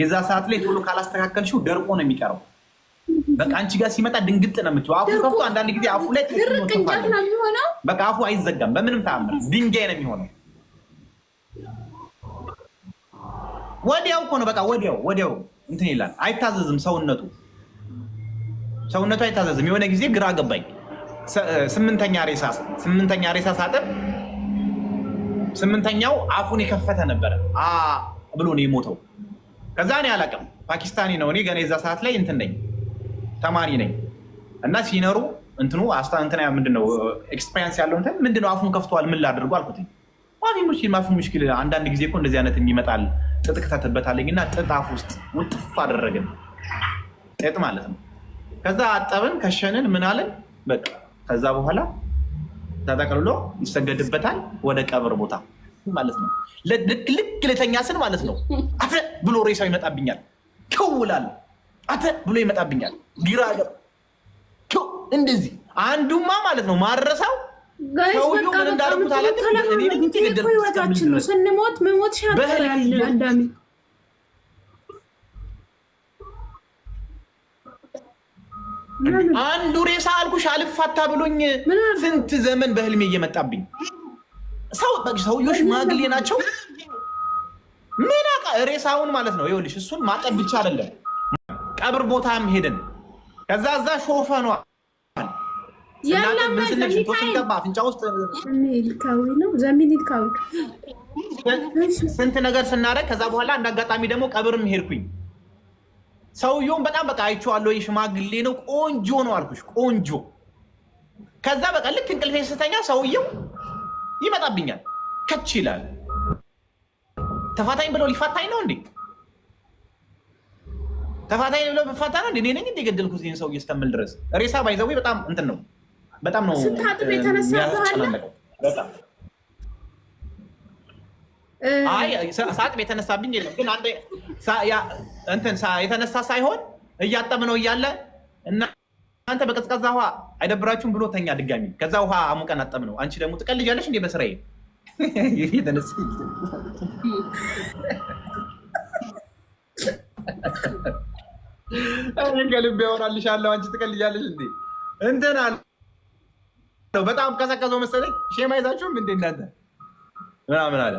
የዛ ሰዓት ላይ ቶሎ ካላስተካከልሽው ደርቆ ነው የሚቀረው። በቃ አንቺ ጋር ሲመጣ ድንግጥ ነው የምትይው። አፉ ከፍቶ አንዳንድ ጊዜ አፉ ላይ በቃ አፉ አይዘጋም በምንም ተአምር፣ ድንጋይ ነው የሚሆነው። ወዲያው እኮ ነው በቃ ወዲያው ወዲያው እንትን ይላል። አይታዘዝም ሰውነቱ ሰውነቱ አይታዘዝም። የሆነ ጊዜ ግራ ገባኝ። ስምንተኛ ሬሳ ስምንተኛ ሬሳ ሳጥን ስምንተኛው አፉን የከፈተ ነበረ ብሎ ነው የሞተው ከዛ እኔ አላቅም ፓኪስታኒ ነው። እኔ ገና የዛ ሰዓት ላይ እንትን ነኝ ተማሪ ነኝ እና ሲነሩ እንትኑ አስታ ምንድነው ኤክስፔሪንስ ያለው እንትን ምንድነው አፉን ከፍተዋል። ምን ላድርጉ አልኩት። ዋዚ ሙሽኪል ማፊ ሙሽኪል። አንዳንድ ጊዜ እኮ እንደዚህ አይነት የሚመጣል ጥጥ ክተትበታለኝ እና ጥጥ አፍ ውስጥ ውጥፍ አደረግን። ጥጥ ማለት ነው። ከዛ አጠብን፣ ከሸንን፣ ምን አለን በቃ። ከዛ በኋላ ተጠቅልሎ ይሰገድበታል ወደ ቀብር ቦታ ማለት ነው። ልክ ልክ ልተኛ ስል ማለት ነው አፈ ብሎ ሬሳው ይመጣብኛል። ከውላል አፈ ብሎ ይመጣብኛል። ግራ እንደዚህ አንዱማ ማለት ነው ማረሳው ስንሞት መሞት ሻዳሚ አንዱ ሬሳ አልኩሽ አልፋታ ብሎኝ ስንት ዘመን በህልሜ እየመጣብኝ ሰው ሰውዬው ሽማግሌ ናቸው። ምን ሬሳውን ማለት ነው። ይኸውልሽ እሱን ማጠብ ብቻ አይደለም፣ ቀብር ቦታም ሄደን ከዛ እዛ ሾፈኗ ስንት ነገር ስናደርግ ከዛ በኋላ እንደ አጋጣሚ ደግሞ ቀብርም ሄድኩኝ። ሰውየውም በጣም በቃ አይቼዋለሁ። የሽማግሌ ነው፣ ቆንጆ ነው አልኩሽ፣ ቆንጆ ከዛ በቃ ልክ እንቅልፌ ስተኛ ሰውየው ይመጣብኛል፣ ከች ይላል። ተፋታኝ ብለው ሊፋታኝ ነው እንዴ? ተፋታኝ ብለው ፋታ ነው እንዴ? እኔ ነኝ የገደልኩት ይህን ሰው እስከምል ድረስ ሬሳ ባይዘዊ በጣም እንትን ነው፣ በጣም ነው የሚያስጨናነቀው። አይ የተነሳብኝ የለም ግን አንተ እንትን የተነሳ ሳይሆን እያጠብነው እያለ እና አንተ በቀዝቃዛ ውሃ አይደብራችሁም ብሎ ተኛ ድጋሚ። ከዛ ውሃ አሙቀን አጠም ነው። አንቺ ደግሞ ትቀልጃለሽ እንዴ በስራዬ ተነስ። ከልብ አለው። አንቺ ትቀልጃለሽ እንዴ እንትን አለ በጣም ቀዘቀዘው መሰለኝ። ሼማ ይዛችሁም እንዴ እናንተ ምናምን አለ።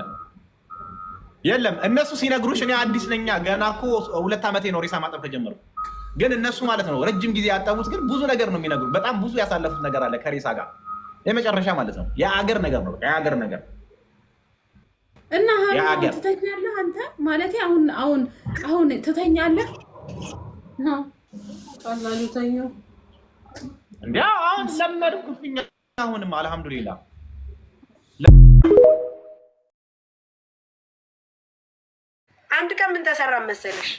የለም እነሱ ሲነግሩሽ እኔ አዲስ ነኛ ገና እኮ ሁለት ዓመቴ ነው ሬሳ ማጠብ ከጀመርኩ ግን እነሱ ማለት ነው ረጅም ጊዜ ያጠቡት ግን ብዙ ነገር ነው የሚነግሩ። በጣም ብዙ ያሳለፉት ነገር አለ ከሬሳ ጋር የመጨረሻ ማለት ነው። የአገር ነገር ነው፣ የአገር ነገር እና ትተኛለህ አንተ ማለት አሁን አሁን አሁን ትተኛለህ አሁን አሁንም አልሐምዱሊላ አንድ ቀን ምን ተሰራ መሰለሽ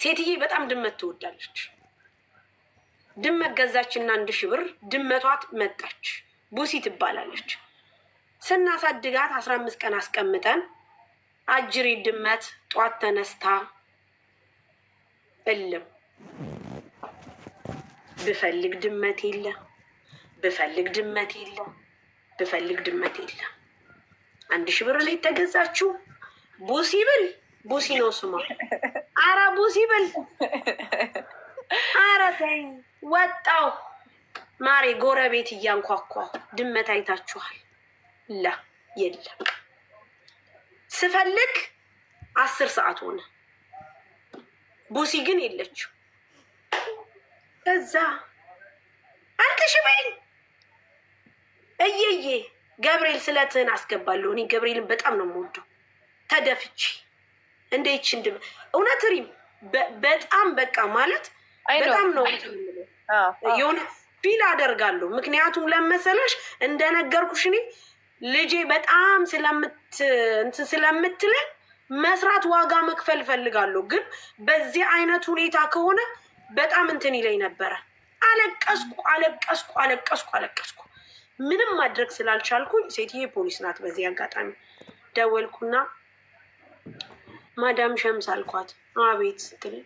ሴትዬ በጣም ድመት ትወዳለች። ድመት ገዛችና አንድ ሺ ብር ድመቷት መጣች። ቡሲ ትባላለች። ስናሳድጋት አስራ አምስት ቀን አስቀምጠን አጅሬ ድመት ጧት ተነስታ እልም ብፈልግ ድመት የለ፣ ብፈልግ ድመት የለ፣ ብፈልግ ድመት የለ። አንድ ሺ ብር ላይ ተገዛችው ቡሲ ብል ቡሲ ነው ስሟ። አረ ቡሲ ብል አረ ተይ ወጣው ማሬ ጎረቤት እያንኳኳ ድመት አይታችኋል? ላ የለም ስፈልግ አስር ሰዓት ሆነ። ቡሲ ግን የለችው። እዛ አልቅሽ በይኝ እየዬ ገብርኤል ስለትህን አስገባለሁ። እኔ ገብርኤልን በጣም ነው የምወደው ተደፍቼ እንደ ይቺ እንድ እውነት ሪም በጣም በቃ ማለት በጣም ነው የሆነ ፊል አደርጋለሁ። ምክንያቱም ለመሰለሽ እንደነገርኩሽ እኔ ልጄ በጣም ስለምት ስለምትለ መስራት ዋጋ መክፈል እፈልጋለሁ። ግን በዚህ አይነት ሁኔታ ከሆነ በጣም እንትን ይለኝ ነበረ። አለቀስኩ አለቀስኩ አለቀስኩ አለቀስኩ። ምንም ማድረግ ስላልቻልኩኝ ሴትዬ ፖሊስ ናት። በዚህ አጋጣሚ ደወልኩና ማዳም ሸምስ አልኳት። አቤት ስትለኝ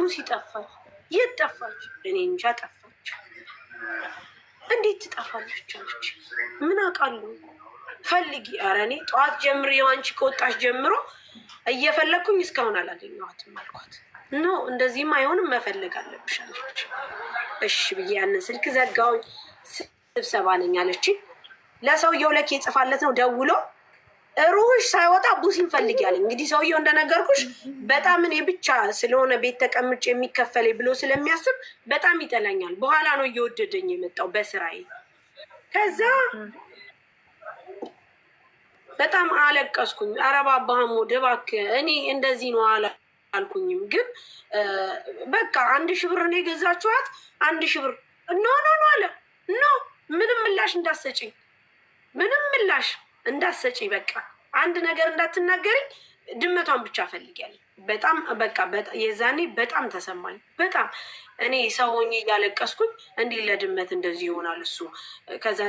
ሉሲ ጠፋች። የት ጠፋች? እኔ እንጃ ጠፋች። እንዴት ትጠፋለች አለች። ምን አውቃለሁ ፈልጊ። ኧረ እኔ ጠዋት ጀምሬ አንቺ ከወጣሽ ጀምሮ እየፈለግኩኝ እስካሁን አላገኘኋትም አልኳት። ኖ እንደዚህም አይሆንም መፈለግ አለብሽ አለች። እሺ ብዬ ያንን ስልክ ዘጋውኝ። ስብሰባ ነኝ አለችኝ። ለሰውየው ለኬ ጽፋለት ነው ደውሎ ሩህሽ ሳይወጣ ቡሲን ፈልግ ያለኝ። እንግዲህ ሰውየው እንደነገርኩሽ በጣም እኔ ብቻ ስለሆነ ቤት ተቀምጭ የሚከፈለኝ ብሎ ስለሚያስብ በጣም ይጠላኛል። በኋላ ነው እየወደደኝ የመጣው በስራዬ። ከዛ በጣም አለቀስኩኝ። አረባ አባሃሞ ድባክ እኔ እንደዚህ ነው አለ አልኩኝም ግን በቃ አንድ ሺህ ብር ነው የገዛችኋት፣ አንድ ሺህ ብር ኖ ኖ ኖ አለ ኖ ምንም ምላሽ እንዳሰጭኝ ምንም ምላሽ እንዳሰጪ በቃ አንድ ነገር እንዳትናገርኝ ድመቷን ብቻ ፈልጊያለሁ። በጣም በቃ የዛኔ በጣም ተሰማኝ። በጣም እኔ ሰው ሆኜ እያለቀስኩኝ እንዲህ ለድመት እንደዚህ ይሆናል እሱ ከዛ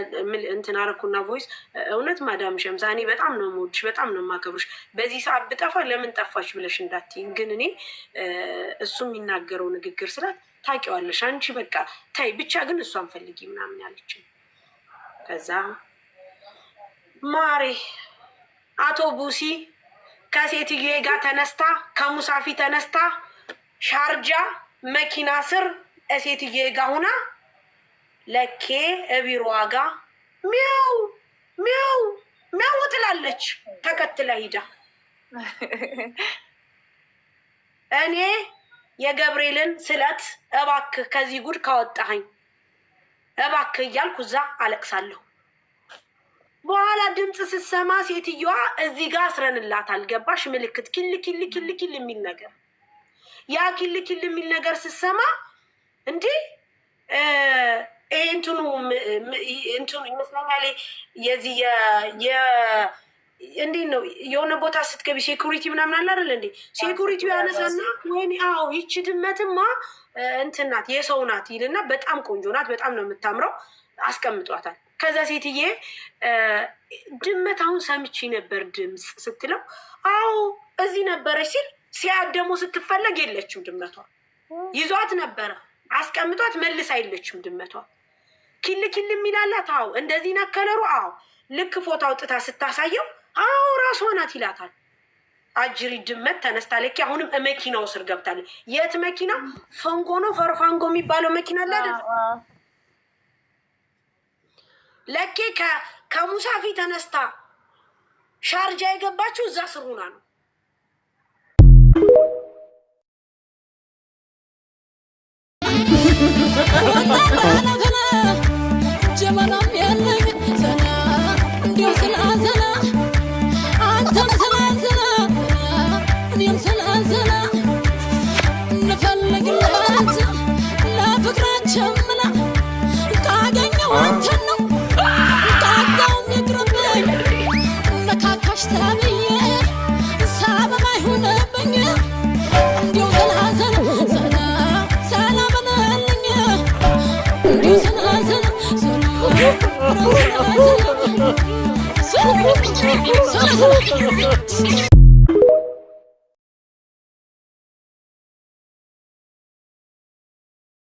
እንትን አረኩና ቮይስ እውነት ማዳም ሸምሳ እኔ በጣም ነው የምወድሽ፣ በጣም ነው የማከብርሽ። በዚህ ሰዓት ብጠፋ ለምን ጠፋች ብለሽ እንዳትይኝ። ግን እኔ እሱ የሚናገረው ንግግር ስላት ታውቂዋለሽ አንቺ በቃ ታይ ብቻ ግን እሷን ፈልጊ ምናምን ያለችኝ ከዛ ማሬ አቶ ቡሲ ከሴትዬ ጋር ተነስታ ከሙሳፊ ተነስታ ሻርጃ መኪና ስር እሴትዬ ጋ ሁና ለኬ እቢሮ ጋ ሚያው ሚያው ሚያው ትላለች። ተከትለ ሂዳ እኔ የገብርኤልን ስለት እባክህ ከዚህ ጉድ ካወጣኸኝ እባክህ እያልኩ እዛ አለቅሳለሁ። በኋላ ድምፅ ስትሰማ ሴትዮዋ እዚህ ጋር አስረንላታል። አልገባሽ ምልክት ኪል ኪል ኪል ኪል የሚል ነገር ያ ኪል ኪል የሚል ነገር ስትሰማ እንዲህ እንትኑ እንትኑ ይመስለኛል የዚህ እንዴት ነው የሆነ ቦታ ስትገቢ ሴኩሪቲ ምናምን አለ አይደል እንዴ? ሴኩሪቲው ያነሳና ወይኔ አዎ ይቺ ድመትማ እንትን ናት የሰው ናት ይልና በጣም ቆንጆ ናት፣ በጣም ነው የምታምረው፣ አስቀምጧታል። ከዛ ሴትዬ ድመት አሁን ሰምቼ ነበር ድምፅ ስትለው፣ አዎ እዚህ ነበረች ሲል ሲያት ደግሞ ስትፈለግ የለችም ድመቷ። ይዟት ነበረ አስቀምጧት፣ መልስ አይለችም ድመቷ። ኪል ኪል የሚላላት አዎ፣ እንደዚህ ነከለሩ አዎ። ልክ ፎቶ አውጥታ ስታሳየው አዎ ራሷ ናት ይላታል። አጅሪ ድመት ተነስታ ልክ አሁንም መኪናው ስር ገብታለች። የት መኪና? ፈንጎ ነው ፈርፋንጎ የሚባለው መኪና አለ አይደል ለኬ ከሙሳ ፊት ተነስታ ሻርጃ የገባችው እዛ ስር ሆና ነው። ハハハッ。